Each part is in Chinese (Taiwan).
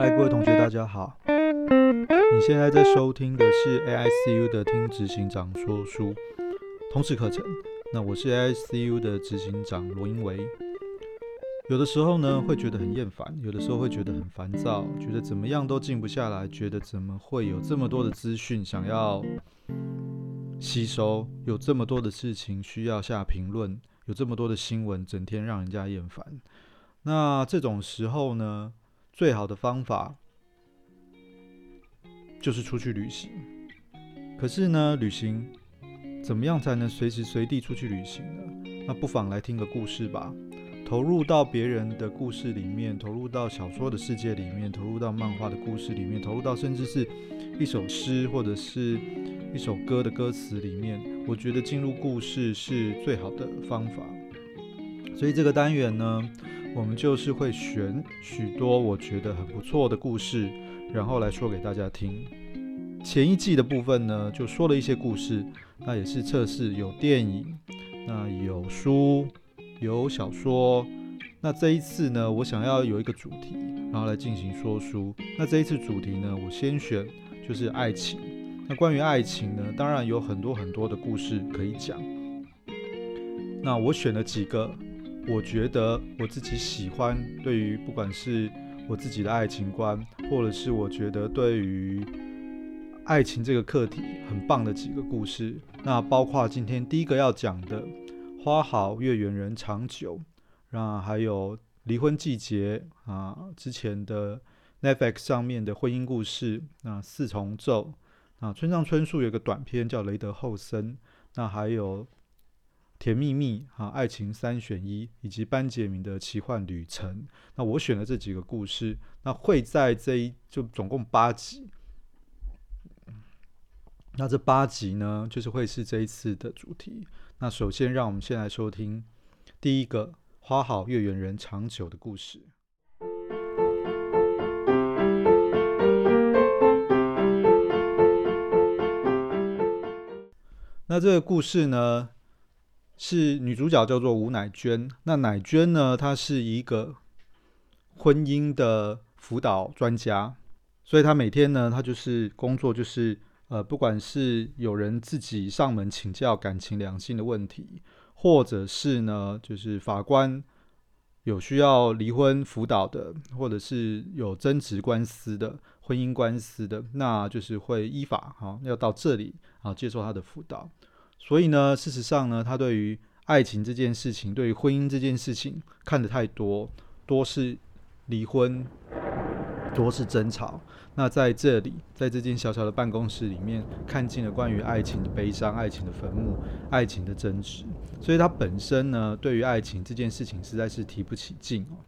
嗨，各位同學，大家好。你現在在收聽的是 AICU 的聽執行長說書，通識課程。那我是 AICU 的執行長羅英維。有的時候呢，會覺得很厭煩；有的時候會覺得很煩躁，覺得怎麼樣都靜不下來，覺得怎麼會有這麼多的資訊想要吸收，有這麼多的事情需要下評論，有這麼多的新聞整天讓人家厭煩。那這種時候呢？最好的方法就是出去旅行。可是呢，旅行怎麼樣才能隨時隨地出去旅行呢？那不妨來聽個故事吧。投入到別人的故事裡面，投入到小說的世界裡面，投入到漫畫的故事裡面，投入到甚至是一首詩或者是一首歌的歌詞裡面。我覺得進入故事是最好的方法。所以這個單元呢，我們就是會選許多我覺得很不錯的故事，然後來說給大家聽。前一季的部分呢，就說了一些故事，那也是測試有電影，那有書，有小說。那這一次呢，我想要有一個主題，然後來進行說書。那這一次主題呢，我先選就是愛情。那關於愛情呢，當然有很多很多的故事可以講。那我選了幾個。我覺得我自己喜歡，對於不管是我自己的愛情觀，或者是我覺得對於愛情這個課題很棒的幾個故事。那包括今天第一個要講的《花好月圓人長久》，那還有《離婚季節》啊，之前的 Netflix 上面的婚姻故事，那四重奏，啊，村上春樹有個短篇叫《雷德厚森》，那還有。甜蜜蜜啊，愛情三選一，以及班傑明的奇幻旅程。那我選了這幾個故事，那會在這一就總共八集。那這八集呢，就是會是這一次的主題。那首先，讓我們先來收聽第一個“花好月圓人長久”的故事。 那這個故事呢？是女主角叫做吳乃娟，那乃娟呢，她是一個婚姻的輔導專家，所以她每天呢，她就是工作就是呃，不管是有人自己上門請教感情、良心的問題，或者是呢，就是法官有需要離婚輔導的，或者是有爭執官司的、婚姻官司的，那就是會依法哈、啊，要到這裡啊，接受她的輔導。所以呢，事實上呢，他對於愛情這件事情，對於婚姻這件事情，看得太多，多是離婚，多是爭吵。那在這裡，在這間小小的辦公室裡面，看盡了關於愛情的悲傷、愛情的墳墓、愛情的爭執。所以他本身呢，對於愛情這件事情，實在是提不起勁哦。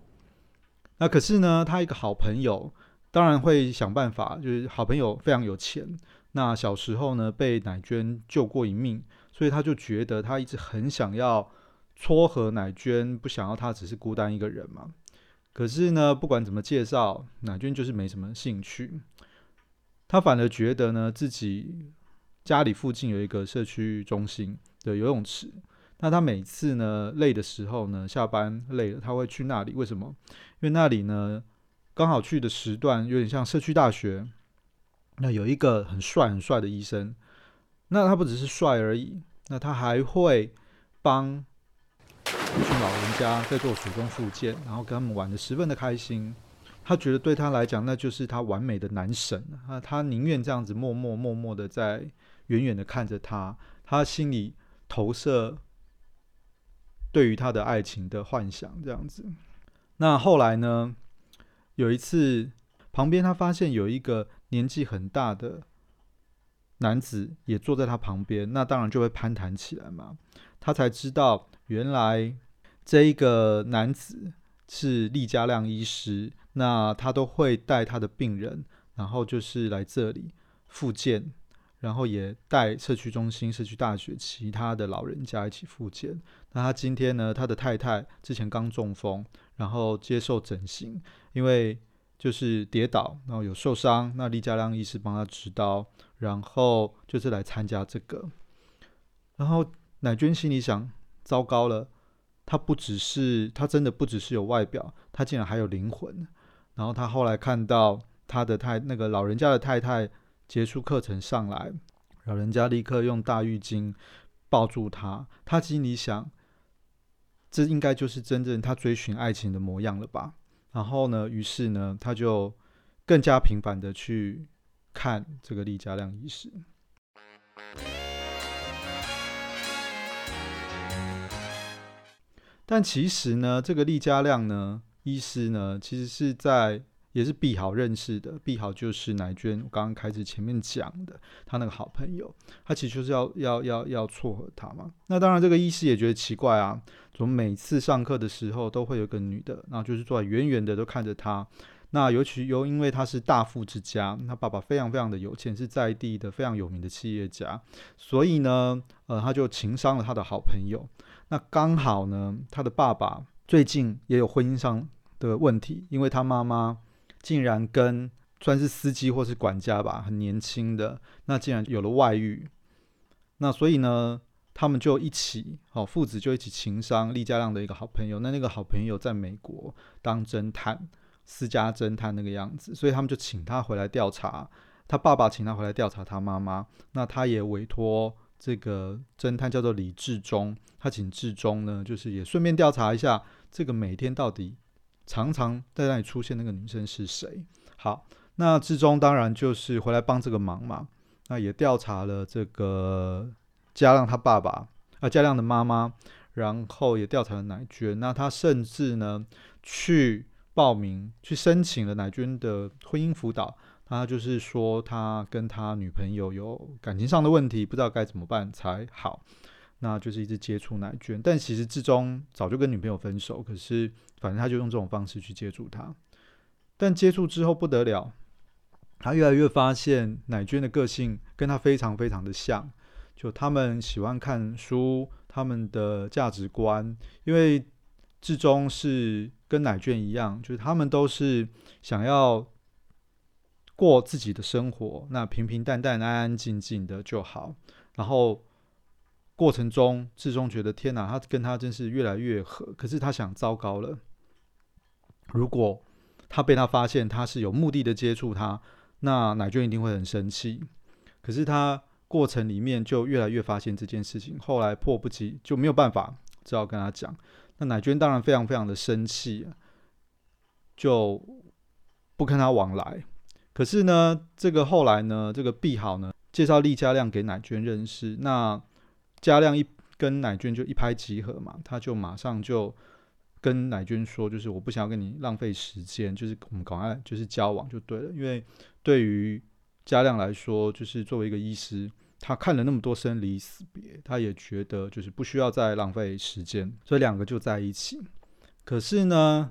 那可是呢，他一個好朋友，當然會想辦法，就是好朋友非常有錢。那小時候呢，被奶娟救過一命。所以他就覺得他一直很想要撮合奶娟，不想要他只是孤單一個人嘛。可是呢，不管怎麼介紹，奶娟就是沒什麼興趣。他反而覺得呢，自己家裡附近有一個社區中心的游泳池。那他每次呢，累的時候呢，下班累了，他會去那裡。為什麼？因為那裡呢，剛好去的時段有點像社區大學。那有一個很帥很帥的醫生。那他不只是帥而已。那他還會幫一群老人家在做手工復健，然後跟他們玩得十分的開心。他覺得對他來講，那就是他完美的男神。那他寧願這樣子默默默默的在遠遠的看着他，他心裡投射對於他的愛情的幻想這樣子。那後來呢？有一次，旁邊他發現有一個年紀很大的。男子也坐在他旁邊，那當然就會攀談起來嘛。他才知道，原來這一個男子是李家亮醫師。那他都會帶他的病人，然後就是來這裡復健，然後也帶社區中心、社區大學其他的老人家一起復健。那他今天呢，他的太太之前剛中風，然後接受整形，因為就是跌倒，然後有受傷。那李家亮醫師幫他執刀。然後就是來參加這個，然後乃娟心裡想：糟糕了，她不只是，他真的不只是有外表，她竟然還有靈魂。然後她後來看到她的太那個老人家的太太結束課程上來，老人家立刻用大浴巾抱住她，她心裡想：這應該就是真正她追尋愛情的模樣了吧？然後呢，於是呢，她就更加頻繁的去。看這個李家亮醫師，但其實呢，這個李家亮呢，醫師呢，其實是在也是必好認識的，必好就是乃娟，我剛剛開始前面講的他那個好朋友，他其實就是要要要要撮合他嘛。那當然這個醫師也覺得奇怪啊，怎麼每次上課的時候都會有個女的，然後就是坐在遠遠的都看着他。那尤其又因為他是大富之家，他爸爸非常非常的有錢，是在地的非常有名的企業家，所以呢，呃，他就情商了他的好朋友。那剛好呢，他的爸爸最近也有婚姻上的問題，因為他媽媽竟然跟算是司機或是管家吧，很年輕的，那竟然有了外遇。那所以呢，他們就一起，好、哦、父子就一起情商李家亮的一個好朋友。那那個好朋友在美國當偵探。私家偵探那個樣子，所以他們就請他回來調查。他爸爸請他回來調查他媽媽，那他也委託這個偵探叫做李志忠。他請志忠呢，就是也順便調查一下這個每天到底常常在那裡出現那個女生是誰？好，那志忠當然就是回來幫這個忙嘛。那也調查了這個嘉亮他爸爸啊，嘉亮的媽媽，然後也調查了奶娟。那他甚至呢去。報名去申請了乃娟的婚姻輔導，他就是說他跟他女朋友有感情上的問題，不知道該怎麼辦才好。那就是一直接觸乃娟，但其實至終早就跟女朋友分手，可是反正他就用這種方式去接觸他。但接觸之後不得了，他越來越發現乃娟的個性跟他非常非常的像，就他們喜歡看書，他們的價值觀，因為。志忠是跟奶娟一樣，就是他們都是想要過自己的生活，那平平淡淡、安安靜靜的就好。然後過程中，志忠覺得天哪、啊，他跟他真是越來越合。可是他想，糟糕了，如果他被他發現他是有目的的接觸他，那奶娟一定會很生氣。可是他過程裡面就越來越發現這件事情，後來迫不及就沒有辦法，只好跟他講。那奶娟當然非常非常的生氣，就不跟他往來。可是呢，這個後來呢，這個畢好呢，介紹利佳亮給奶娟認識。那佳亮一跟奶娟就一拍即合嘛，他就馬上就跟奶娟說，就是我不想要跟你浪費時間，就是我們趕快就是交往就對了。因為對於佳亮來說，就是作為一個醫師。他看了那麼多生離死別，他也覺得就是不需要再浪費時間，所以兩個就在一起。可是呢，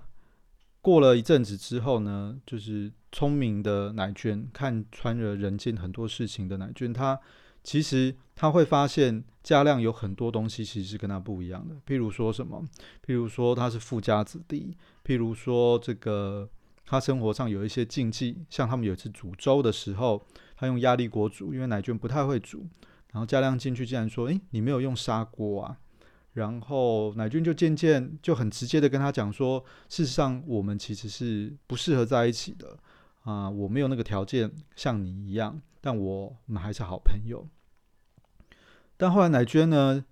過了一陣子之後呢，就是聰明的奶娟看穿了人間很多事情的奶娟，她其實她會發現佳亮有很多東西其實是跟他不一樣的。譬如說什麼，譬如說他是富家子弟，譬如說這個他生活上有一些禁忌，像他們有一次煮粥的時候。他用壓力鍋煮，因為奶娟不太會煮，然後嘉亮進去竟然說：“誒、欸，你沒有用砂鍋啊？”然後奶娟就漸漸就很直接的跟他講說：“事實上，我們其實是不適合在一起的啊，我沒有那個條件像你一樣，但我們還是好朋友。”但後來奶娟呢，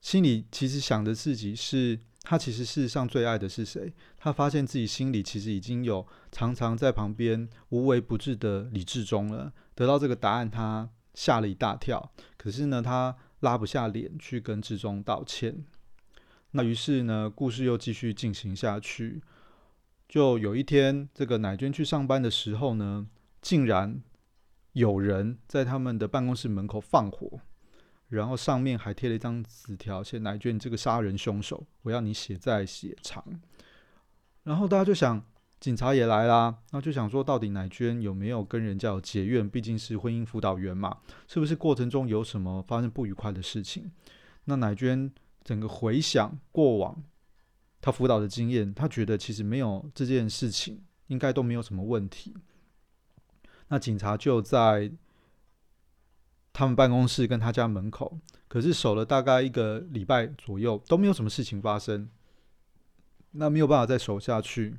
心裡其實想着自己是。他其實事實上最愛的是誰？他發現自己心裡其實已經有常常在旁邊無微不至的李志忠了。得到這個答案，他嚇了一大跳。可是呢，他拉不下臉去跟志忠道歉。那於是呢，故事又繼續進行下去。就有一天，這個乃娟去上班的時候呢，竟然有人在他們的辦公室門口放火。然後上面還貼了一張紙條，寫“奶娟，你這個殺人兇手，我要你血債血償。”然後大家就想，警察也來啦，那就想說，到底奶娟有沒有跟人家有結怨？畢竟是婚姻輔導員嘛，是不是過程中有什麼發生不愉快的事情？那奶娟整個回想過往他輔導的經驗，他覺得其實沒有這件事情，應該都沒有什麼問題。那警察就在。他們辦公室跟他家門口，可是守了大概一個禮拜左右，都沒有什麼事情發生。那沒有辦法再守下去，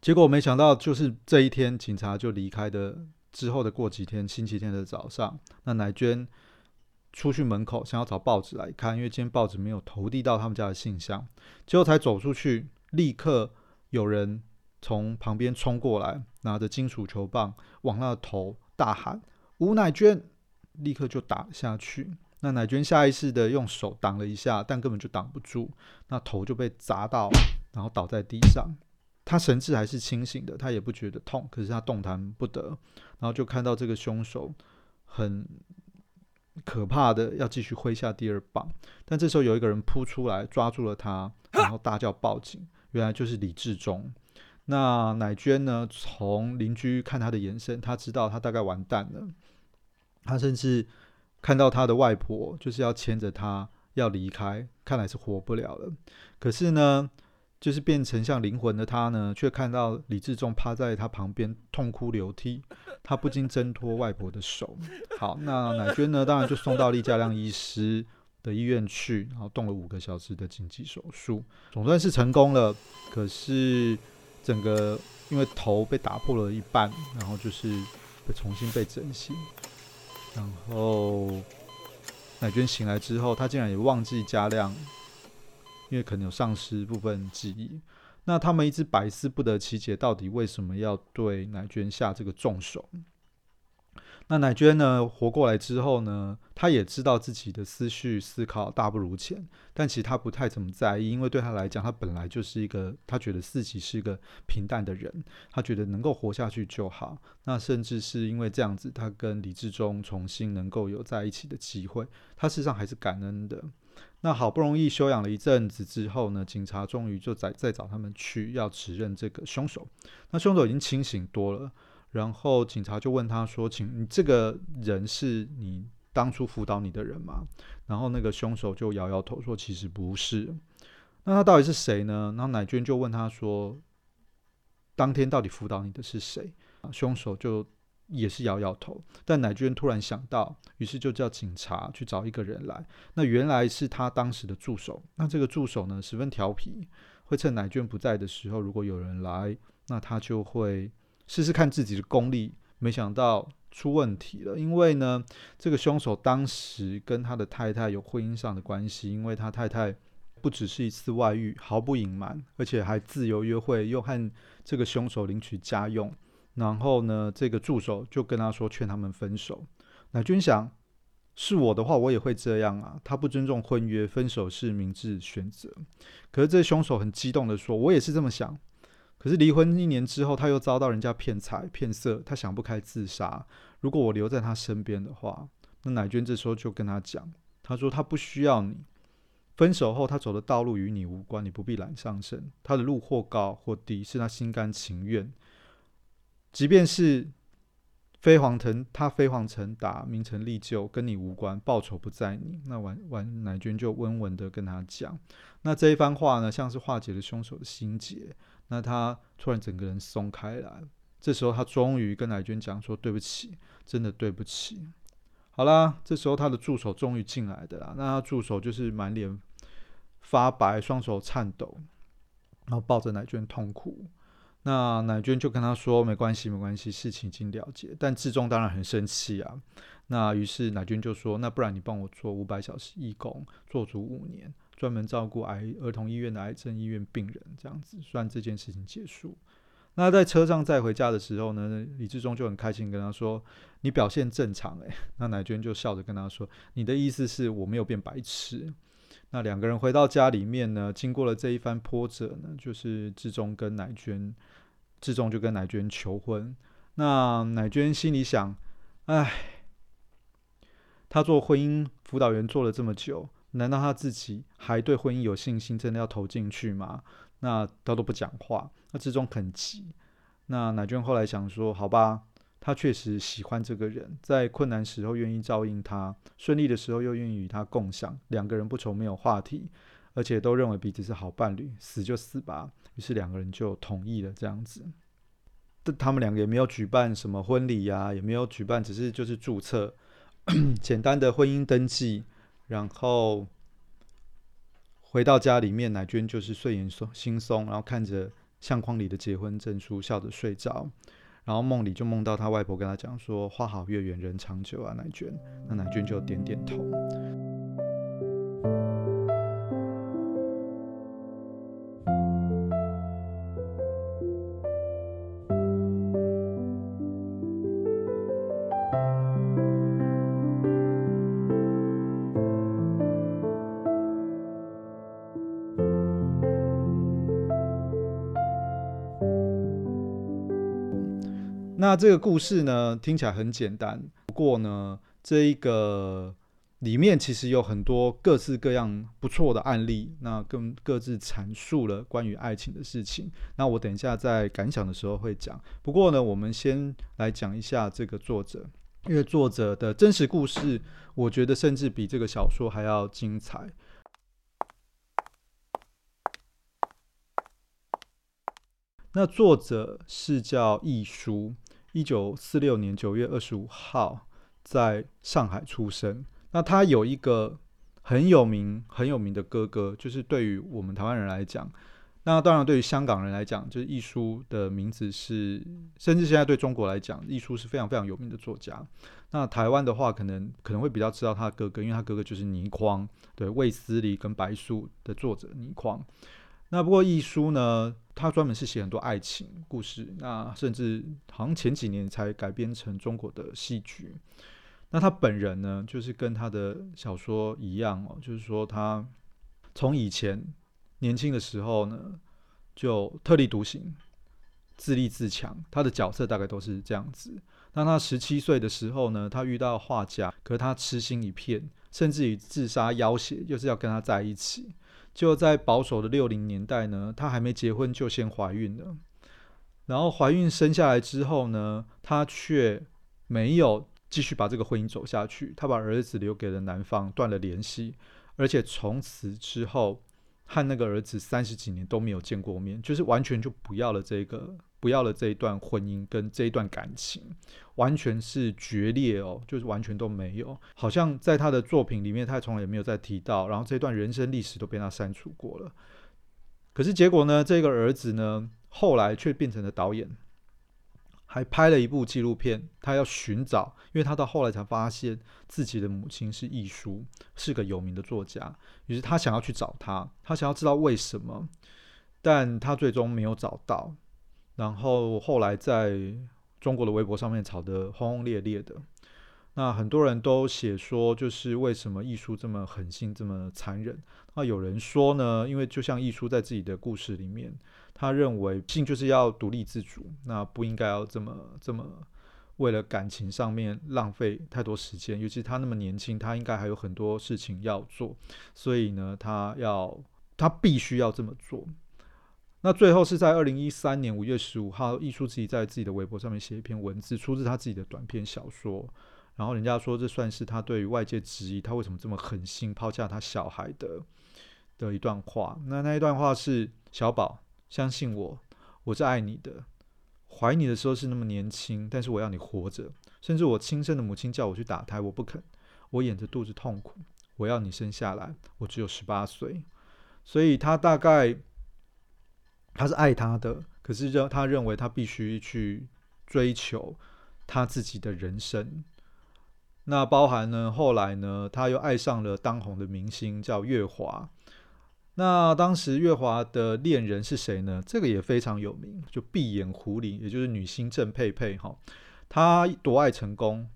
結果我沒想到就是這一天，警察就離開的之後的過幾天，星期天的早上，那乃娟出去門口想要找報紙來看，因為今天報紙沒有投遞到他們家的信箱，結果才走出去，立刻有人從旁邊衝過來，拿着金屬球棒往那頭大喊。吳乃娟立刻就打下去，那乃娟下意識地用手擋了一下，但根本就擋不住，那頭就被砸到，然後倒在地上。他神志還是清醒的，他也不覺得痛，可是他動彈不得。然後就看到這個兇手很可怕的要繼續揮下第二棒，但這時候有一個人撲出來抓住了他，然後大叫報警，原來就是李志忠。那乃娟呢？從鄰居看他的眼神，他知道他大概完蛋了。他甚至看到他的外婆就是要牽着他要離開，看來是活不了了。可是呢，就是變成像靈魂的他呢，卻看到李志忠趴在他旁邊痛哭流涕，他不禁掙脫外婆的手。好，那乃娟呢？當然就送到李家亮醫師的醫院去，然後動了五個小時的緊急手術，總算是成功了。可是。整個因為頭被打破了一半，然後就是被重新被整形。然後奶娟醒來之後，她竟然也忘記加量，因為可能有喪失部分記憶。那他們一直百思不得其解，到底為什麼要對奶娟下這個重手？那乃娟呢？活過來之後呢，她也知道自己的思緒思考大不如前，但其實她不太怎麼在意，因為對她來講，她本來就是一個，她覺得自己是一個平淡的人，她覺得能夠活下去就好。那甚至是因為這樣子，她跟李志忠重新能夠有在一起的機會，她事實上還是感恩的。那好不容易休養了一陣子之後呢，警察終於就再再找他們去要指認這個凶手。那凶手已經清醒多了。然後警察就問他說：“請，你這個人是你當初輔導你的人嗎？”然後那個凶手就搖搖頭說：“其實不是。”那他到底是誰呢？然後奶娟就問他說：“當天到底輔導你的是誰？”啊、凶手就也是搖搖頭。但奶娟突然想到，於是就叫警察去找一個人來。那原來是他當時的助手。那這個助手呢，十分調皮，會趁奶娟不在的時候，如果有人來，那他就會。試試看自己的功力，沒想到出問題了。因為呢，這個凶手當時跟他的太太有婚姻上的關係，因為他太太不只是一次外遇，毫不隱瞞，而且還自由約會，又和這個凶手領取家用。然後呢，這個助手就跟他說，勸他們分手。那君想，是我的話，我也會這樣啊。他不尊重婚約，分手是明智選擇。可是這個凶手很激動的說，我也是這麼想。可是離婚一年之後，他又遭到人家騙財騙色，他想不開自殺。如果我留在他身邊的話，那乃娟這時候就跟他講，他說他不需要你。分手後，他走的道路與你無關，你不必攬上身。他的路或高或低，是他心甘情願，即便是。飛黃騰，他飛黃騰達，名成利就，跟你無關，報酬不在你。那完完，乃娟就溫文的跟他講，那這一番話呢，像是化解了凶手的心結。那他突然整個人鬆開來，這時候他終於跟乃娟講說：“對不起，真的對不起。”好啦，這時候他的助手終於進來了，那他助手就是滿臉發白，雙手顫抖，然後抱着乃娟痛哭。那乃娟就跟他說：“沒關係，沒關係，事情已經了結。”但志忠當然很生氣啊。那於是乃娟就說：“那不然你幫我做五百小時義工，做足五年，專門照顧癌兒童醫院的癌症醫院病人，這樣子算這件事情結束。”那在車上載回家的時候呢，李志忠就很開心跟他說：“你表現正常哎、欸。”那乃娟就笑着跟他說：“你的意思是我沒有變白痴？”那兩個人回到家裡面呢，經過了這一番波折呢，就是志忠跟乃娟，志中就跟乃娟求婚，那乃娟心裡想，哎，他做婚姻輔導員做了這麼久，難道他自己還對婚姻有信心，真的要投進去嗎？那他都不講話，那志中很急。那乃娟後來想說，好吧，他確實喜歡這個人，在困難時候願意照應他，順利的時候又願意與他共享，兩個人不愁沒有話題。而且都認為彼此是好伴侶，死就死吧。於是兩個人就同意了這樣子。但他們兩個也沒有舉辦什麼婚禮呀、啊，也沒有舉辦，只是就是注冊 簡單的婚姻登記。然後回到家裡面，乃娟就是睡眼心松惺忪，然後看着相框裡的結婚證書，笑着睡着。然後夢裡就夢到他外婆跟他講說：“花好月圓人長久啊，乃娟。”那乃娟就點點頭。那這個故事呢聽起來很簡單，不過呢，這一個裡面其實有很多各式各樣不錯的案例，那更各自闡述了關於愛情的事情。那我等一下在感想的時候會講。不過呢，我們先來講一下這個作者，因為作者的真實故事，我覺得甚至比這個小說還要精彩。那作者是叫亦舒。一九四六年九月二十五號，在上海出生。那他有一個很有名、很有名的哥哥，就是對於我們臺灣人來講，那當然對於香港人來講，就是亦舒的名字是，甚至現在對中國來講，亦舒是非常非常有名的作家。那臺灣的話，可能可能會比較知道他的哥哥，因為他哥哥就是倪匡，對，《衛斯理》跟《白素》的作者倪匡。那不過，亦舒呢，他專門是寫很多愛情故事。那甚至好像前幾年才改編成中國的戲劇。那他本人呢，就是跟他的小說一樣哦，就是說他從以前年輕的時候呢，就特立獨行、自立自強。他的角色大概都是這樣子。當他十七歲的時候呢，他遇到畫家，可是他痴心一片，甚至於自殺要挾，就是要跟他在一起。就在保守的六零年代呢，她還沒結婚就先懷孕了，然後懷孕生下來之後呢，她卻沒有繼續把這個婚姻走下去，她把兒子留給了男方，斷了聯繫，而且從此之後和那個兒子三十幾年都沒有見過面，就是完全就不要了這個。不要了，這一段婚姻跟這一段感情完全是決裂哦，就是完全都沒有，好像在他的作品裡面，他從來也沒有再提到。然後這段人生歷史都被他刪除過了。可是結果呢？這個兒子呢，後來卻變成了導演，還拍了一部紀錄片。他要尋找，因為他到後來才發現自己的母親是藝術，是個有名的作家。於是他想要去找她，他想要知道為什麼，但他最終沒有找到。然後後來在中國的微博上面吵得轟轟烈烈的，那很多人都寫說，就是為什麼亦舒這麼狠心，這麼殘忍？那有人說呢，因為就像亦舒在自己的故事裡面，他認為性就是要獨立自主，那不應該要這麼，這麼為了感情上面浪費太多時間。尤其他那麼年輕，他應該還有很多事情要做，所以呢，他要他必須要這麼做。那最後是在二零一三年五月十五號，藝術自己在自己的微博上面寫一篇文字，出自他自己的短篇小說。然後人家說這算是他對於外界質疑他為什麼這麼狠心拋下他小孩的的一段話。那那一段話是：小寶，相信我，我是愛你的。懷你的時候是那麼年輕，但是我要你活着。甚至我親生的母親叫我去打胎，我不肯。我掩着肚子痛苦，我要你生下來。我只有十八歲。所以他大概。他是愛他的，可是認他認為他必須去追求他自己的人生。那包含呢，後來呢，他又愛上了當紅的明星叫岳華。那當時岳華的戀人是誰呢？這個也非常有名，就碧眼狐狸，也就是女星鄭佩佩。哈，他奪愛成功，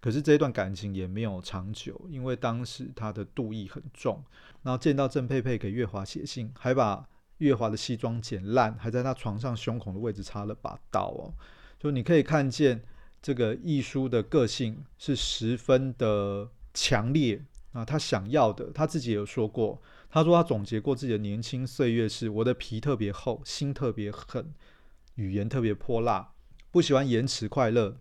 可是這段感情也沒有長久，因為當時他的妒意很重。然後見到鄭佩佩給岳華寫信，還把。岳華的西裝剪爛，還在他床上胸口的位置插了把刀哦。就你可以看見，這個亦舒的個性是十分的強烈啊。他想要的，他自己有說過，他說他總結過自己的年輕歲月是：我的皮特別厚，心特別狠，語言特別潑辣，不喜歡延遲快樂。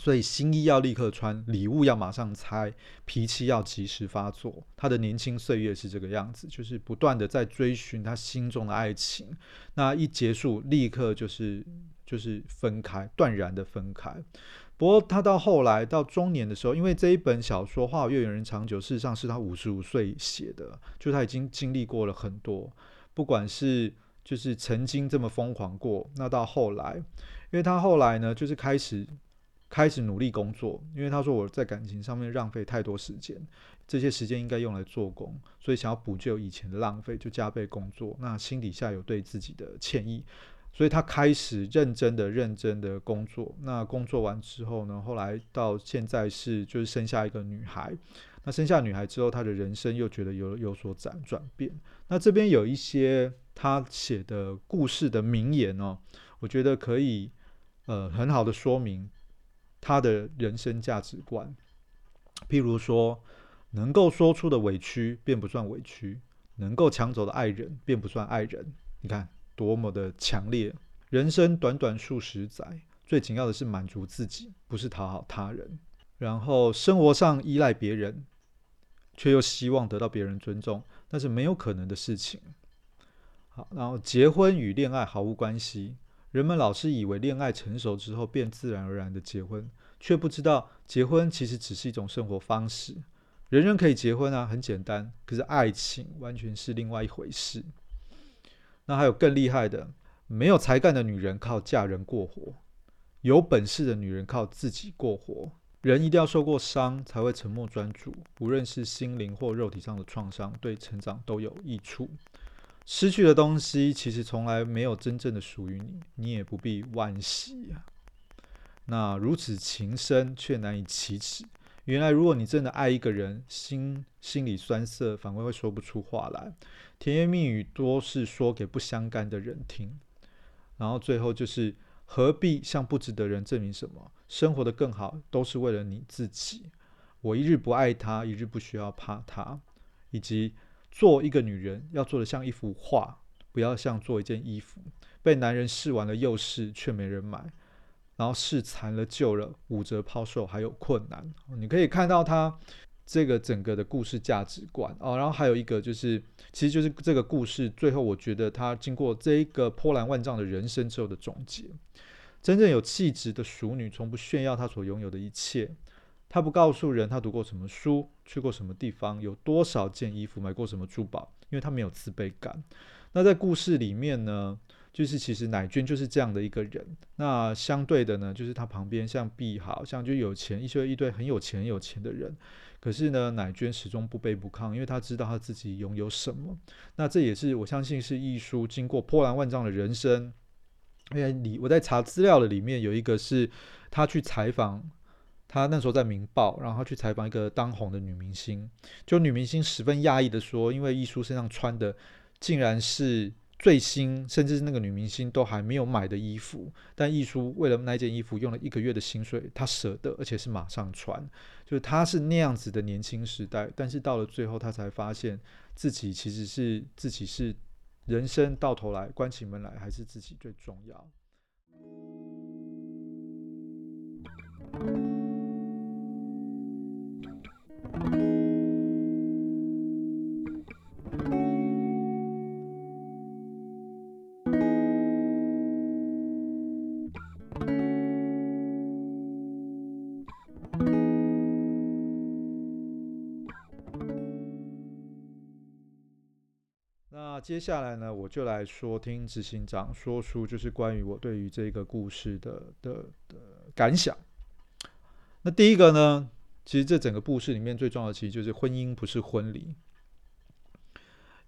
所以新衣要立刻穿，禮物要馬上拆，脾氣要及時發作。他的年輕歲月是這個樣子，就是不斷的在追尋他心中的愛情。那一結束，立刻就是就是分開，斷然的分開。不過他到後來到中年的時候，因為這一本小說《花好月圓人長久》事實上是他五十五歲寫的，就他已經經歷過了很多，不管是就是曾經這麼瘋狂過。那到後來，因為他後來呢，就是開始。開始努力工作，因為他說，我在感情上面浪費太多時間，這些時間應該用來做工，所以想要補救以前的浪費，就加倍工作。那心底下有對自己的歉意，所以他開始認真的、認真的工作。那工作完之後呢，後來到現在是就是生下一個女孩。那生下女孩之後，他的人生又覺得有有所轉轉變。那這邊有一些他寫的故事的名言哦，我覺得可以呃很好的說明。他的人生價值觀，譬如說，能夠說出的委屈便不算委屈，能夠搶走的愛人便不算愛人。你看多麼的強烈！人生短短數十載，最緊要的是滿足自己，不是討好他人。然後生活上依賴別人，卻又希望得到別人尊重，那是沒有可能的事情。好，然後結婚與戀愛毫無關係。人們老是以為戀愛成熟之後便自然而然的結婚，卻不知道結婚其實只是一種生活方式。人人可以結婚啊，很簡單。可是愛情完全是另外一回事。那還有更厲害的，沒有才幹的女人靠嫁人過活，有本事的女人靠自己過活。人一定要受過傷才會沉默專注。無論是心靈或肉體上的創傷，對成長都有益處。失去的東西其實從來沒有真正的屬於你，你也不必惋惜呀、啊。那如此情深卻難以啟齒。原來，如果你真的愛一個人，心心裡酸澀，反而會說不出話來。甜言蜜語多是說給不相干的人聽。然後最後就是何必向不值得人證明什麼？生活得更好都是為了你自己。我一日不愛他，一日不需要怕他，以及。做一個女人要做得像一幅畫，不要像做一件衣服。被男人試完了又試，卻沒人買，然後試殘了舊了，五折拋售還有困難。哦。你可以看到她這個整個的故事價值觀哦。然後還有一個就是，其實就是這個故事最後，我覺得她經過這一個波瀾萬丈的人生之後的總結，真正有氣質的淑女從不炫耀她所擁有的一切。他不告訴人他讀過什麼書，去過什麼地方，有多少件衣服，買過什麼珠寶，因為他沒有自卑感。那在故事裡面呢，就是其實乃娟就是這樣的一個人。那相對的呢，就是他旁邊像 b 好像就有錢，一些一堆很有錢很有錢的人。可是呢，乃娟始終不卑不亢，因為他知道他自己擁有什麼。那這也是我相信是藝書經過波瀾萬丈的人生。哎，你我在查資料的裡面有一個是他去採訪。他那時候在《明報》，然後去採訪一個當紅的女明星，就女明星十分訝異的說：“因為亦舒身上穿的，竟然是最新，甚至是那個女明星都還沒有買的衣服。但亦舒為了那件衣服，用了一個月的薪水，他舍得，而且是馬上穿。就是他是那樣子的年輕時代，但是到了最後，他才發現自己其實是自己是人生到頭來關起門來，還是自己最重要。” 那接下來呢，我就來說聽執行長說出就是關於我對於這個故事的的的感想。那第一個呢？其實這整個故事裡面最重要的，其實就是婚姻不是婚禮，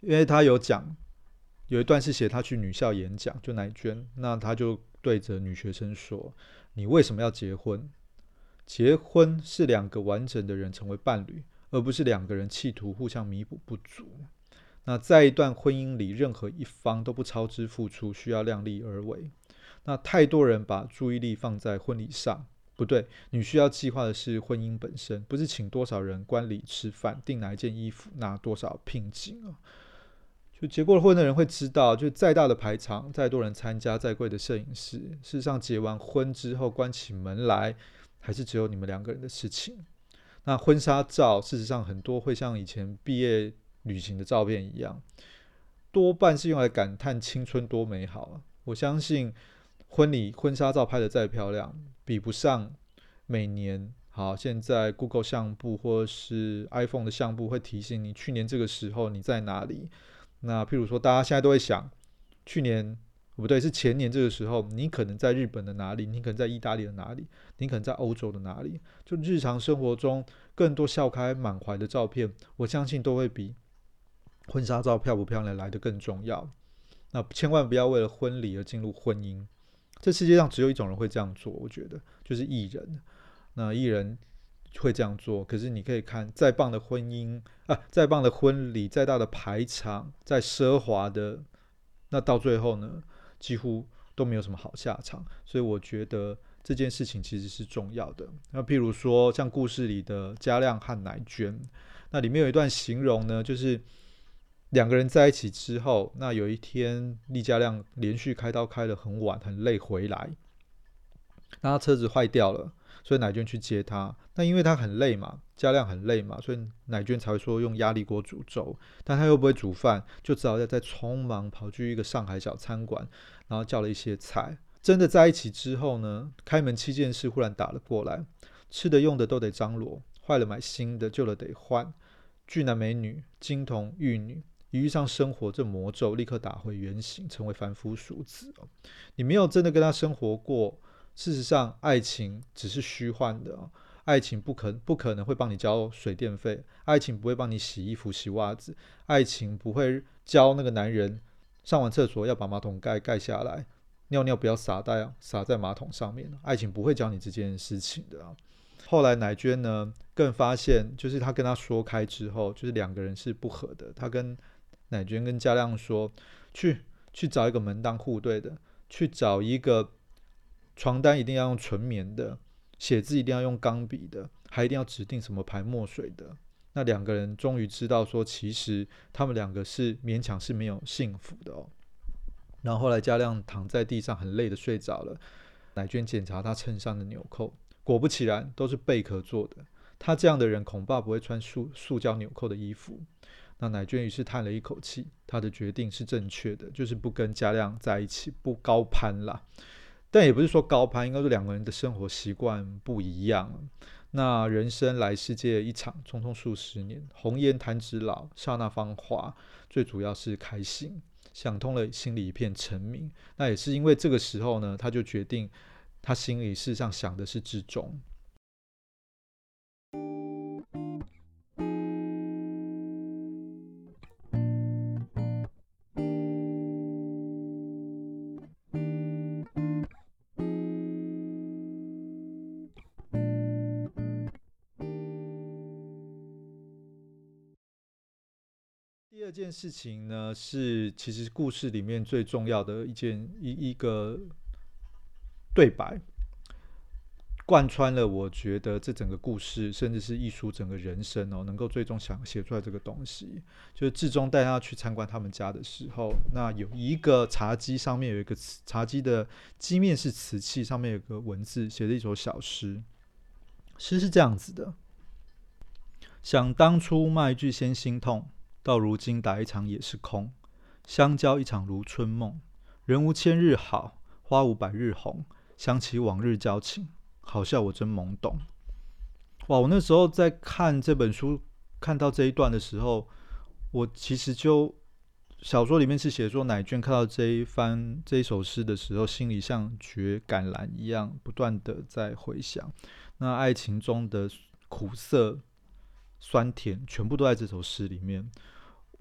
因為他有講，有一段是寫他去女校演講，就乃娟，那他就對着女學生說：“你為什麼要結婚？結婚是兩個完整的人成為伴侶，而不是兩個人企圖互相彌補不足。那在一段婚姻裡，任何一方都不超支付出，需要量力而為。那太多人把注意力放在婚禮上。”不對，你需要計劃的是婚姻本身，不是請多少人觀禮吃飯、訂哪一件衣服、拿多少聘金啊。就結過婚的人會知道，就再大的排場、再多人參加、再貴的攝影師，事實上結完婚之後關起門來，還是只有你們兩個人的事情。那婚紗照，事實上很多會像以前畢業旅行的照片一樣，多半是用來感嘆青春多美好啊。我相信婚禮婚紗照拍得再漂亮比不上每年好，現在 Google 相簿，或是 iPhone 的相簿會提醒你，去年這個時候你在哪裡。那譬如說，大家現在都會想，去年不對，是前年這個時候，你可能在日本的哪裡，你可能在意大利的哪裡，你可能在歐洲的哪裡。就日常生活中更多笑開滿懷的照片，我相信都會比婚紗照漂不漂亮來得更重要。那千萬不要為了婚禮而進入婚姻。這世界上只有一種人會這樣做，我覺得就是藝人。那藝人會這樣做，可是你可以看，再棒的婚姻啊，再棒的婚禮，再大的排場，再奢華的，那到最後呢，幾乎都沒有什麼好下場。所以我覺得這件事情其實是重要的。那譬如說，像故事裡的嘉亮和乃娟，那裡面有一段形容呢，就是。兩個人在一起之後，那有一天，李佳亮連續開刀開的很晚很累回來，那他車子壞掉了，所以奶娟去接他。那因為他很累嘛，佳亮很累嘛，所以奶娟才會說用壓力鍋煮粥。但他又不會煮飯，就只好要在再匆忙跑去一個上海小餐館，然後叫了一些菜。真的在一起之後呢，開門七件事忽然打了過來，吃的用的都得張羅，壞了買新的，舊了得換。俊男美女，金童玉女。一遇上生活這魔咒，立刻打回原形，成為凡夫俗子。你沒有真的跟他生活過，事實上，愛情只是虛幻的。愛情不可不可能會幫你交水電費，愛情不會幫你洗衣服、洗襪子，愛情不會教那個男人上完廁所要把馬桶蓋蓋下來，尿尿不要撒在撒在馬桶上面。愛情不會教你這件事情的。後來，乃娟呢，更發現，就是他跟他說開之後，就是兩個人是不合的。他跟奶娟跟家亮說：“去去找一個門當戶對的，去找一個床單一定要用純棉的，寫字一定要用鋼筆的，還一定要指定什麼牌墨水的。”那兩個人終於知道說，其實他們兩個是勉強是沒有幸福的哦。然後後來家亮躺在地上很累的睡着了，奶娟檢查他襯衫的紐扣，果不其然都是貝殼做的。他這樣的人恐怕不會穿塑塑膠紐扣的衣服。那乃娟於是嘆了一口氣，他的決定是正確的，就是不跟嘉亮在一起，不高攀了。但也不是說高攀，應該是兩個人的生活習慣不一樣。那人生來世界一場，匆匆數十年，紅顏彈指老，剎那芳華。最主要是開心，想通了，心裡一片澄明。那也是因為這個時候呢，他就決定，他心裡事實上想的是之中。事情呢，是其實故事裡面最重要的一件一一個對白，貫穿了我覺得這整個故事，甚至是藝術整個人生哦，能夠最終想寫出來這個東西，就是志中帶他去參觀他們家的時候，那有一個茶幾上面有一個瓷茶几的基面是瓷器，上面有一個文字，寫了一首小詩，詩是這樣子的：想當初唸一句先心痛。到如今打一場也是空，相交一場如春夢，人無千日好，花無百日紅。想起往日交情，好笑我真懵懂。哇！我那時候在看這本書，看到這一段的時候，我其實就小說裡面是寫作乃卷，看到這一番這一首詩的時候，心裡像嚼橄欖一樣，不斷的在回想那愛情中的苦澀、酸甜，全部都在這首詩裡面。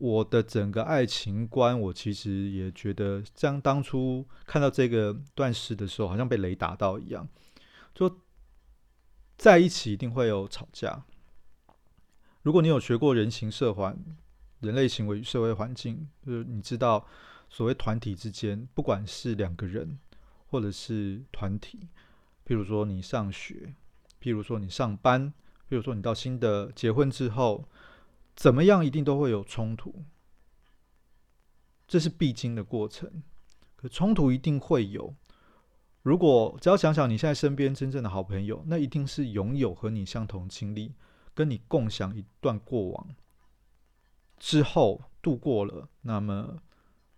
我的整個愛情觀，我其實也覺得，像當初看到這個段式的時候，好像被雷打到一樣。就在一起一定會有吵架。如果你有學過人行社環、人類行為與社會環境，就是你知道，所謂團體之間，不管是兩個人，或者是團體，譬如說你上學，譬如說你上班，譬如說你到新的結婚之後。怎麼樣，一定都會有衝突，這是必經的過程。可衝突一定會有。如果只要想想你現在身邊真正的好朋友，那一定是擁有和你相同的經歷，跟你共享一段過往之後度過了，那麼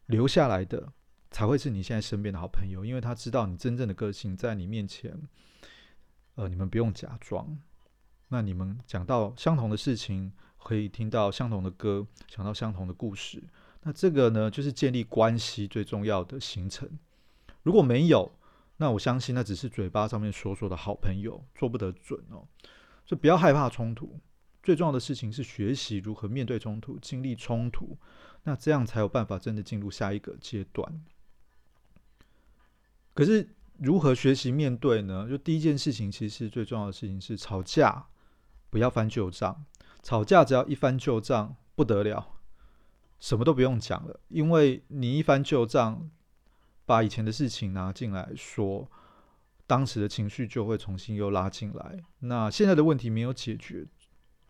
留下來的才會是你現在身邊的好朋友，因為他知道你真正的個性，在你面前，呃，你們不用假裝。那你們講到相同的事情。可以聽到相同的歌，想到相同的故事。那這個呢，就是建立關係最重要的形成。如果沒有，那我相信那只是嘴巴上面說說的好朋友，做不得準哦。就不要害怕衝突，最重要的事情是學習如何面對衝突、經歷衝突，那這樣才有辦法真的進入下一個階段。可是如何學習面對呢？就第一件事情，其實最重要的事情是吵架，不要翻舊賬。吵架只要一翻舊賬，不得了，什麼都不用講了，因為你一翻舊賬，把以前的事情拿進來說，當時的情緒就會重新又拉進來。那現在的問題沒有解決，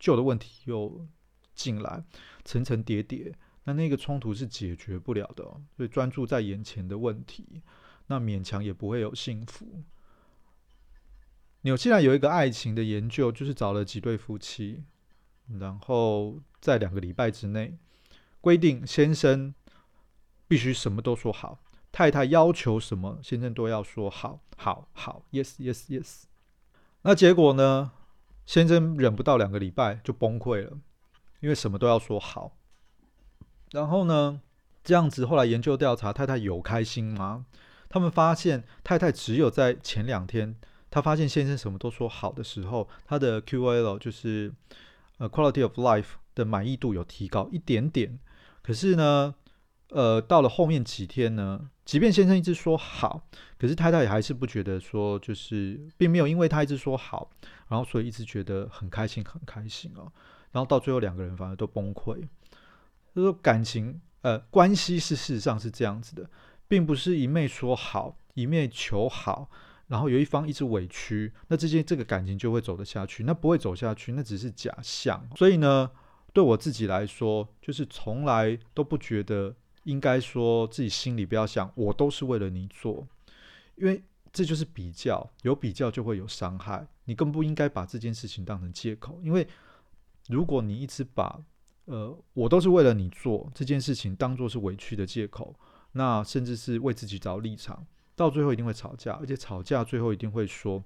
舊的問題又進來，層層疊疊，那那個衝突是解決不了的哦。所以專注在眼前的問題，那勉強也不會有幸福。紐西蘭有一個愛情的研究，就是找了幾對夫妻。然後在兩個禮拜之內，規定先生必須什麼都說好，太太要求什麼，先生都要說好，好，好，yes，yes，yes。Yes, yes, yes. 那結果呢？先生忍不到兩個禮拜就崩潰了，因為什麼都要說好。然後呢，這樣子後來研究調查，太太有開心嗎？他們發現太太只有在前兩天，她發現先生什麼都說好的時候，她的 QOL 就是。呃、uh,，quality of life 的滿意度有提高一點點，可是呢，呃，到了後面幾天呢，即便先生一直說好，可是太太也還是不覺得說，就是並沒有因為他一直說好，然後所以一直覺得很開心很開心哦，然後到最後兩個人反而都崩潰，就是，說感情呃關係是事實上是這樣子的，並不是一面說好一面求好。然後有一方一直委屈，那這些這個感情就會走得下去，那不會走下去，那只是假象。所以呢，對我自己來說，就是從來都不覺得應該說自己心裡不要想，我都是為了你做，因為這就是比較，有比較就會有傷害。你更不應該把這件事情當成借口，因為如果你一直把呃我都是為了你做這件事情當做是委屈的借口，那甚至是為自己找立場。到最後一定會吵架，而且吵架最後一定會說：“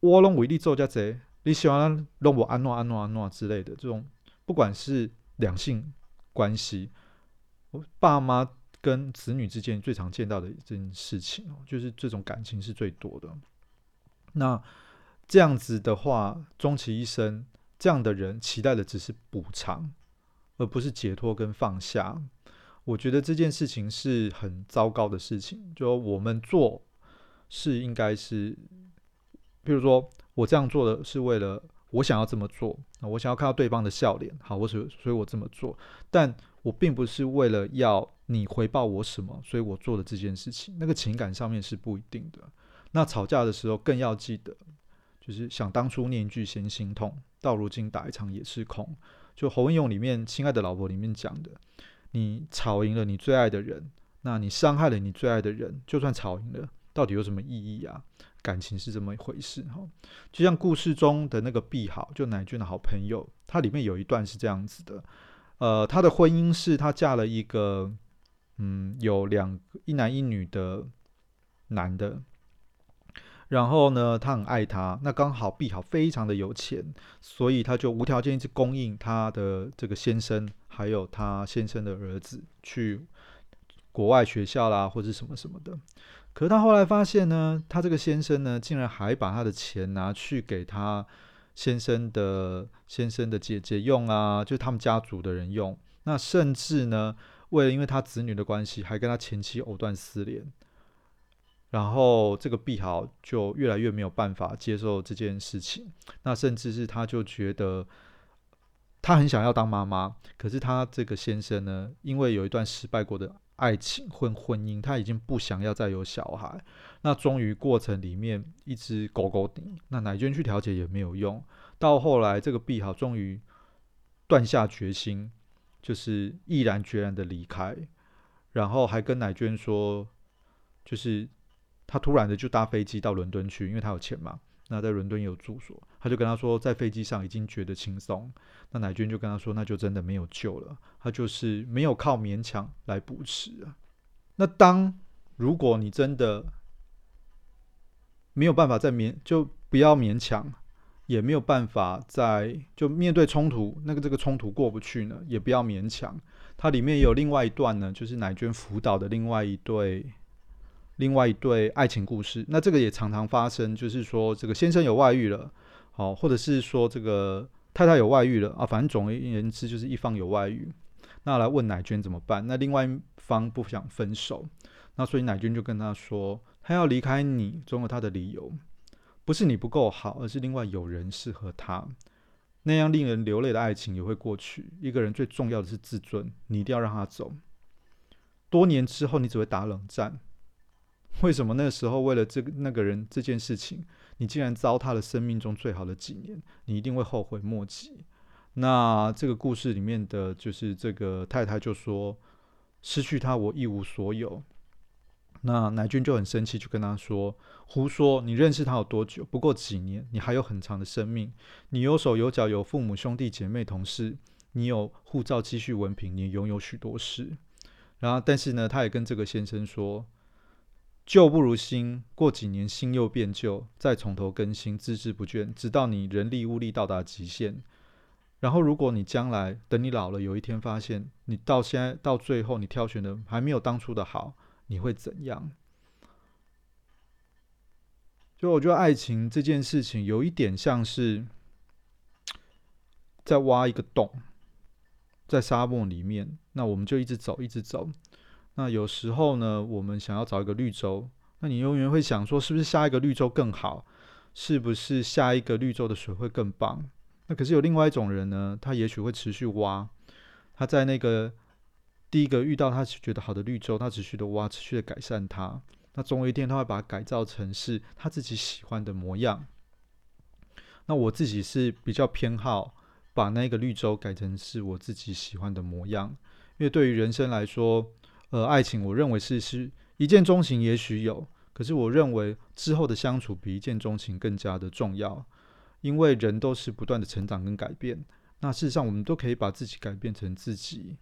我攏為你做家賊。”你喜歡讓我安諾安諾安諾之類的這種，不管是兩性關係，我爸媽跟子女之間最常見到的一件事情，就是這種感情是最多的。那這樣子的話，終其一生，這樣的人期待的只是補償，而不是解脫跟放下。我覺得這件事情是很糟糕的事情。就我們做是應該是，譬如說我這樣做的是為了我想要這麼做，我想要看到對方的笑臉，好，我所所以我這麼做，但我並不是為了要你回報我什麼，所以我做的這件事情，那個情感上面是不一定的。那吵架的時候更要記得，就是想當初念一句先心痛，到如今打一場也是空。就侯文詠裡面《親愛的老婆》裡面講的。你吵贏了你最愛的人，那你傷害了你最愛的人，就算吵贏了，到底有什麼意義啊？感情是這麼一回事哈。就像故事中的那個畢好，就乃俊的好朋友，他裡面有一段是這樣子的，呃，他的婚姻是他嫁了一個，嗯，有兩一男一女的男的。然後呢，他很愛他。那剛好畢好非常的有錢，所以他就無條件一直供應他的這個先生，還有他先生的兒子去國外學校啦，或者什麼什麼的。可是他後來發現呢，他這個先生呢，竟然還把他的錢拿去給他先生的先生的姐姐用啊，就是他們家族的人用。那甚至呢，為了因為他子女的關係，還跟他前妻藕斷絲連。然後這個碧豪就越來越沒有辦法接受這件事情，那甚至是他就覺得他很想要當媽媽，可是他這個先生呢，因為有一段失敗過的愛情婚婚姻，他已經不想要再有小孩。那終於過程裡面，一只狗狗，那奶娟去調解也沒有用。到後來，這個碧豪終於斷下決心，就是毅然決然的離開，然後還跟奶娟說，就是。他突然的就搭飛機到倫敦去，因為他有錢嘛。那在倫敦有住所，他就跟他說，在飛機上已經覺得輕鬆。那乃娟就跟他說，那就真的沒有救了。他就是沒有靠勉強來補食啊。那當如果你真的沒有辦法再勉，就不要勉強，也沒有辦法再就面對衝突，那個這個衝突過不去呢，也不要勉強。它裡面有另外一段呢，就是乃娟輔導的另外一對。另外一對愛情故事，那這個也常常發生，就是說這個先生有外遇了，好、哦，或者是說這個太太有外遇了啊，反正總而言之就是一方有外遇，那來問奶娟怎麼辦？那另外一方不想分手，那所以奶娟就跟他說，他要離開你，總有他的理由，不是你不夠好，而是另外有人適合他。那樣令人流淚的愛情也會過去。一個人最重要的是自尊，你一定要讓他走。多年之後，你只會打冷戰。為什麼那時候為了這個那個人這件事情，你竟然糟蹋了生命中最好的幾年？你一定會後悔莫及。那這個故事裡面的就是這個太太就說：“失去他，我一無所有。”那乃君就很生氣，就跟他說：“胡說！你認識他有多久？不過幾年？你還有很長的生命，你有手有腳，有父母兄弟姐妹同事，你有護照、積蓄、文憑，你擁有許多事。然後，但是呢，他也跟這個先生說。”舊不如新，過幾年新又變舊，再從頭更新，孜孜不倦，直到你人力物力到達極限。然後，如果你將來等你老了，有一天發現你到現在到最後，你挑選的還沒有當初的好，你會怎樣？所以，我覺得愛情這件事情有一點像是在挖一個洞，在沙漠裡面，那我們就一直走，一直走。那有時候呢，我們想要找一個綠洲，那你永遠會想說，是不是下一個綠洲更好？是不是下一個綠洲的水會更棒？那可是有另外一種人呢，他也許會持續挖，他在那個第一個遇到他覺得好的綠洲，他持續的挖，持續的改善它。那終有一天，他會把它改造成是他自己喜歡的模樣。那我自己是比較偏好把那個綠洲改成是我自己喜歡的模樣，因為對於人生來說。呃，愛情，我認為是是一見鍾情，也許有，可是我認為之後的相處比一見鍾情更加的重要，因為人都是不斷的成長跟改變。那事實上，我們都可以把自己改變成自己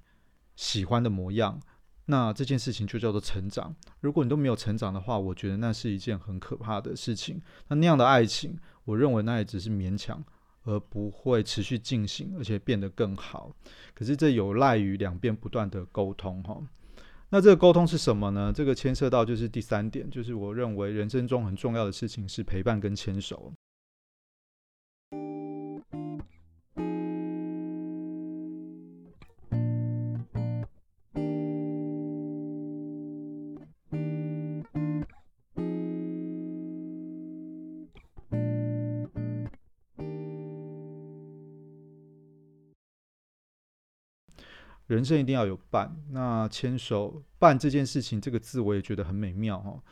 喜歡的模樣。那這件事情就叫做成長。如果你都沒有成長的話，我覺得那是一件很可怕的事情。那那樣的愛情，我認為那也只是勉強，而不會持續進行，而且變得更好。可是這有賴於兩邊不斷的溝通，哈。那這個溝通是什麼呢？這個牽涉到就是第三點，就是我認為人生中很重要的事情是陪伴跟牽手。人生一定要有伴，那牽手伴這件事情，這個字我也覺得很美妙哦。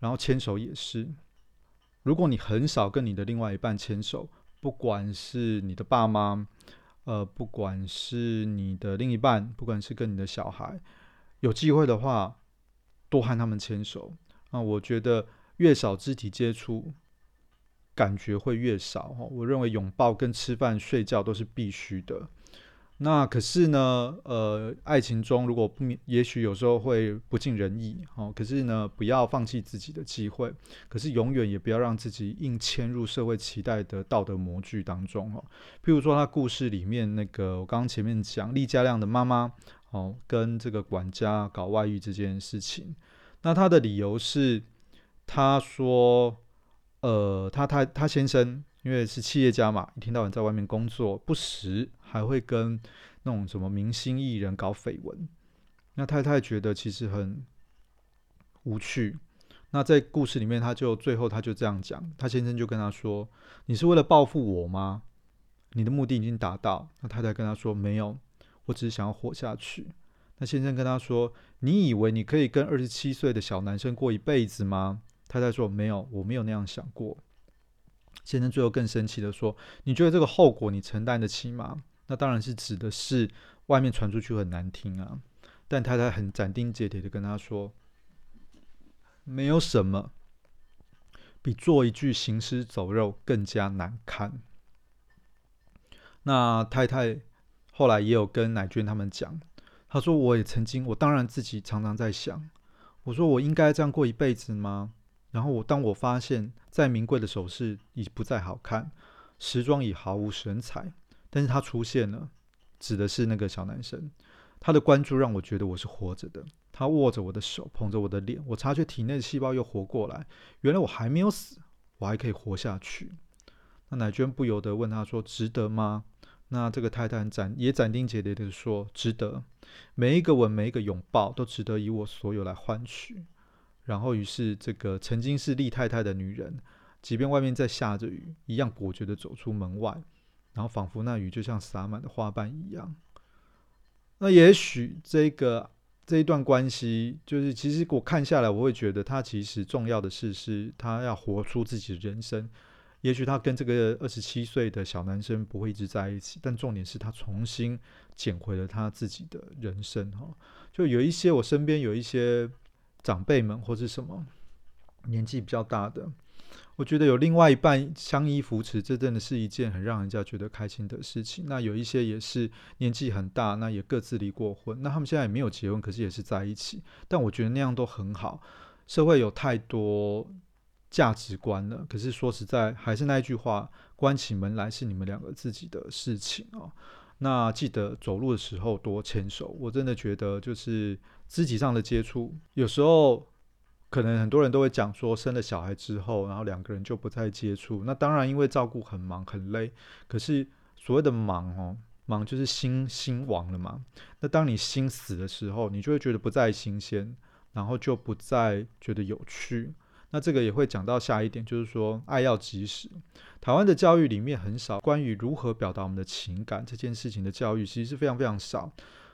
然後牽手也是，如果你很少跟你的另外一半牽手，不管是你的爸媽，呃，不管是你的另一半，不管是跟你的小孩，有機會的話，多和他們牽手，那我覺得越少肢體接觸，感覺會越少哦。我認為擁抱跟吃飯、睡覺都是必須的。那可是呢，呃，愛情中如果不免，也許有時候會不盡人意，哦，可是呢，不要放棄自己的機會，可是永遠也不要讓自己硬嵌入社會期待的道德模具當中，哦，譬如說他故事裡面那個，我剛剛前面講，厲家亮的媽媽，哦，跟這個管家搞外遇這件事情，那他的理由是，他說，呃，他他他先生。因為是企業家嘛，一天到晚在外面工作，不時還會跟那種什麼明星藝人搞緋聞。那太太覺得其實很無趣。那在故事裡面她，他就最後他就這樣講，他先生就跟他說：“你是為了報復我嗎？你的目的已經達到。”那太太跟他說：“沒有，我只是想要活下去。”那先生跟他說：“你以為你可以跟二十七歲的小男生過一輩子嗎？”太太說：“沒有，我沒有那樣想過。”先生最後更生氣的說：“你覺得這個後果你承擔得起嗎？”那當然是指的是外面傳出去很難聽啊。但太太很斬釘截鐵的跟他說：“沒有什麼比做一具行屍走肉更加難堪。”那太太後來也有跟乃娟他們講，他說：“我也曾經，我當然自己常常在想，我說我應該這樣過一輩子嗎？”然後我當我發現再名貴的首飾已不再好看，時裝已毫無神采，但是他出現了，指的是那個小男生，他的關注讓我覺得我是活着的。他握着我的手，捧着我的臉，我察覺體內的細胞又活過來，原來我還沒有死，我還可以活下去。那乃娟不由得問他說：“值得嗎？”那這個太太斬也斬釘截鐵的說：“值得，每一個吻，每一個擁抱，都值得以我所有來換取。”然後，於是這個曾經是厲太太的女人，即便外面在下着雨，一樣果決的走出門外。然後，仿佛那雨就像灑滿的花瓣一樣。那也許這個這一段關係，就是其實我看下來，我會覺得她其實重要的事是，她要活出自己的人生。也許她跟這個二十七歲的小男生不會一直在一起，但重點是他重新撿回了他自己的人生。哈，就有一些我身邊有一些。長輩們或是什麼年紀比較大的，我覺得有另外一半相依扶持，這真的是一件很讓人家覺得開心的事情。那有一些也是年紀很大，那也各自離過婚，那他們現在也沒有結婚，可是也是在一起。但我覺得那樣都很好。社會有太多價值觀了，可是說實在，還是那一句話：關起門來是你們兩個自己的事情哦。那記得走路的時候多牽手，我真的覺得就是。肢體上的接觸，有時候可能很多人都會講說，生了小孩之後，然後兩個人就不再接觸。那當然，因為照顧很忙很累。可是所謂的忙哦，忙就是心心亡了嘛。那當你心死的時候，你就會覺得不再新鮮，然後就不再覺得有趣。那這個也會講到下一點，就是說愛要及時。台灣的教育裡面很少關於如何表達我們的情感這件事情的教育，其實是非常非常少。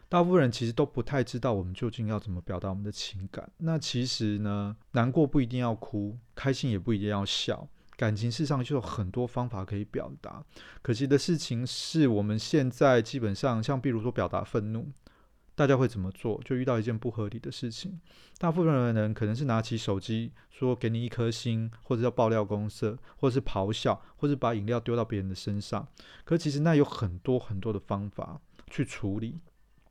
大部分人其實都不太知道我們究竟要怎麼表達我們的情感。那其實呢，難過不一定要哭，開心也不一定要笑。感情事實上就有很多方法可以表達。可惜的事情是我們現在基本上，像比如說表達憤怒，大家會怎麼做？就遇到一件不合理的事情，大部分人可能是拿起手機說“給你一顆星”，或者叫爆料公社，或者是咆哮，或者把飲料丟到別人的身上。可其實那有很多很多的方法去處理。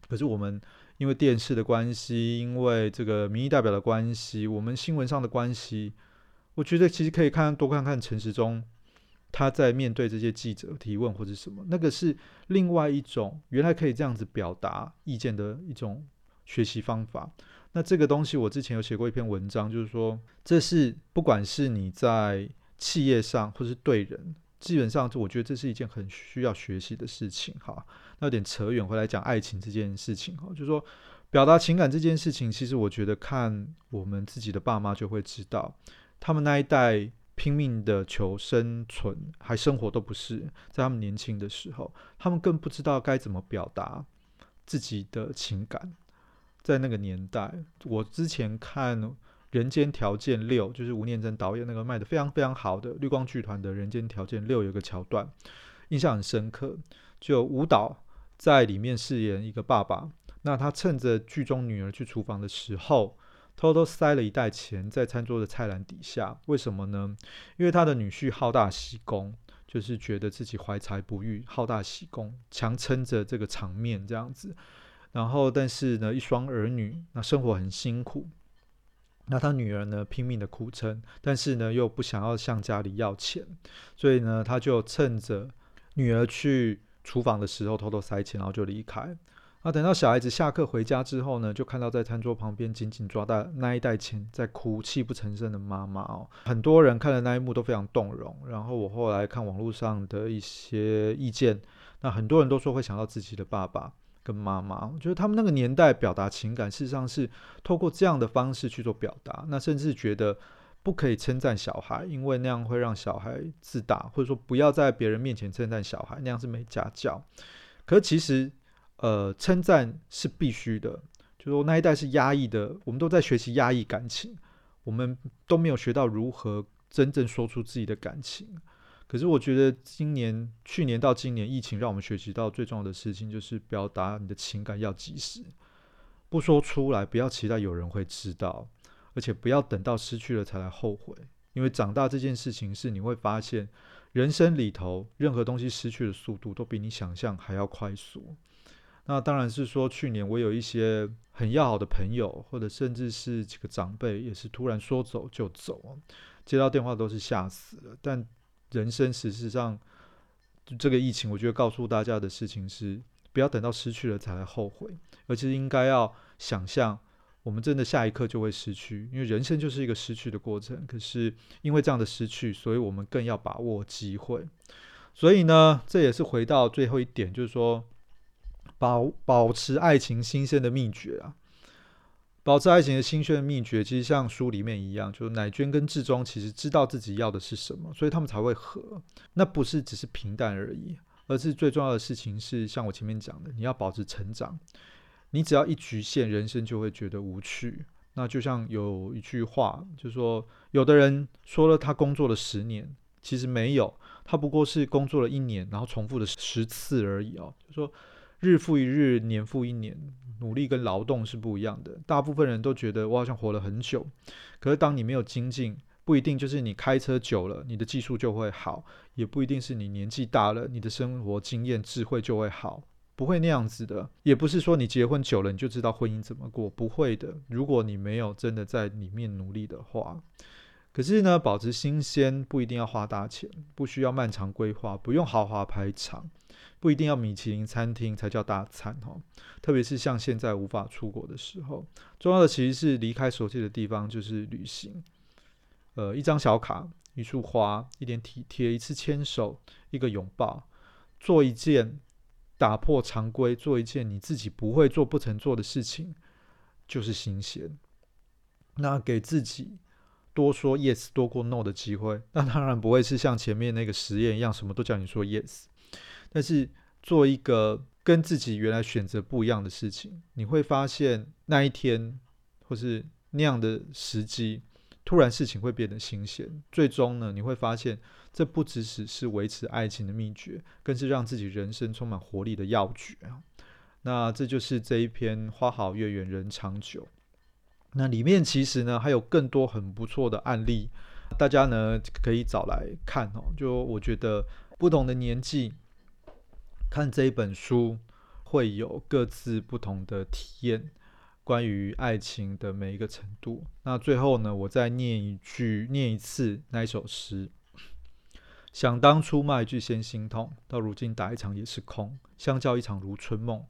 可是我們因為電視的關係，因為這個民意代表的關係，我們新聞上的關係，我覺得其實可以看多看看陳時中他在面對這些記者提問或者什麼，那個是另外一種原來可以這樣子表達意見的一種學習方法。那這個東西我之前有寫過一篇文章，就是說，這是不管是你在企業上或是對人，基本上我覺得這是一件很需要學習的事情哈。好有點扯遠，回來講愛情這件事情哦，就是說表達情感這件事情，其實我覺得看我們自己的爸媽就會知道，他們那一代拼命的求生存，還生活都不是在他們年輕的時候，他們更不知道該怎麼表達自己的情感。在那個年代，我之前看《人間條件六》，就是吳念真導演那個賣的非常非常好的綠光劇團的《人間條件六》，有個橋段印象很深刻，就舞蹈。在裡面飾演一個爸爸，那他趁着劇中女兒去廚房的時候，偷偷塞了一袋錢在餐桌的菜籃底下。為什麼呢？因為他的女婿好大喜功，就是覺得自己懷才不遇，好大喜功，強撐着這個場面這樣子。然後，但是呢，一雙兒女那生活很辛苦，那他女兒呢拼命的苦撐，但是呢又不想要向家裡要錢，所以呢他就趁着女兒去。廚房的時候偷偷塞錢，然後就離開。那等到小孩子下課回家之後呢，就看到在餐桌旁邊緊緊抓到那一袋錢，在哭，泣不成聲的媽媽哦。很多人看了那一幕都非常動容。然後我後來看網絡上的一些意見，那很多人都說會想到自己的爸爸跟媽媽。我覺得他們那個年代表達情感，事實上是透過這樣的方式去做表達。那甚至覺得。不可以稱讚小孩，因為那樣會讓小孩自大，或者說不要在別人面前稱讚小孩，那樣是沒家教。可是其實，呃，稱讚是必須的。就說那一代是壓抑的，我們都在學習壓抑感情，我們都沒有學到如何真正說出自己的感情。可是我覺得，今年、去年到今年，疫情讓我們學習到最重要的事情，就是表達你的情感要及時，不說出來，不要期待有人會知道。而且不要等到失去了才來後悔，因為長大這件事情是你會發現，人生裡頭任何東西失去的速度都比你想象還要快速。那當然是說，去年我有一些很要好的朋友，或者甚至是幾個長輩，也是突然說走就走，接到電話都是嚇死了。但人生事實上，這個疫情我覺得告訴大家的事情是，不要等到失去了才來後悔，而是應該要想象我們真的下一刻就會失去，因為人生就是一個失去的過程。可是因為這樣的失去，所以我們更要把握機會。所以呢，這也是回到最後一點，就是說，保保持愛情新鮮的秘訣啊，保持愛情的新鮮的秘訣，其實像書裡面一樣，就是乃娟跟志忠其實知道自己要的是什麼，所以他們才會合。那不是只是平淡而已，而是最重要的事情是，像我前面講的，你要保持成長。你只要一局限，人生就會覺得無趣。那就像有一句話，就說有的人說了他工作了十年，其實沒有，他不過是工作了一年，然後重複了十次而已哦，就說日復一日，年復一年，努力跟勞動是不一樣的。大部分人都覺得我好像活了很久，可是當你沒有精進，不一定就是你開車久了，你的技術就會好，也不一定是你年紀大了，你的生活經驗智慧就會好。不會那樣子的，也不是說你結婚久了，你就知道婚姻怎麼過，不會的。如果你沒有真的在裡面努力的話，可是呢，保持新鮮不一定要花大錢，不需要漫長規劃，不用豪華排場，不一定要米其林餐廳才叫大餐哦。特別是像現在無法出國的時候，重要的其實是離開熟悉的地方，就是旅行。呃，一張小卡，一束花，一點體貼，一次牽手，一個擁抱，做一件。打破常規，做一件你自己不會做、不曾做的事情，就是新鮮。那給自己多說 yes，多過 no 的機會，那當然不會是像前面那個實驗一樣，什麼都叫你說 yes。但是做一個跟自己原來選擇不一樣的事情，你會發現那一天或是那樣的時機，突然事情會變得新鮮。最終呢，你會發現。這不只只是，是維持愛情的秘訣，更是讓自己人生充滿活力的要訣。那這就是這一篇《花好月圓人長久》。那裡面其實呢還有更多很不錯的案例，大家呢可以找來看哦。就我覺得，不同的年紀看這一本書，會有各自不同的體驗，關於愛情的每一個程度。那最後呢，我再念一句，念一次那首詩。想當初唸一句先心痛，到如今打一場也是空。相交一場如春夢，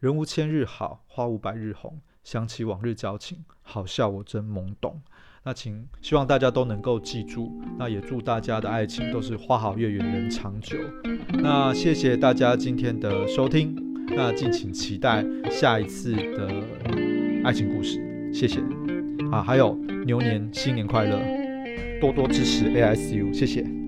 人無千日好，花無百日紅。想起往日交情，好笑我真懵懂。那請希望大家都能夠記住，那也祝大家的愛情都是花好月圓人長久。那謝謝大家今天的收聽，那敬請期待下一次的愛情故事。謝謝啊，還有牛年新年快樂，多多支持 ASU，謝謝。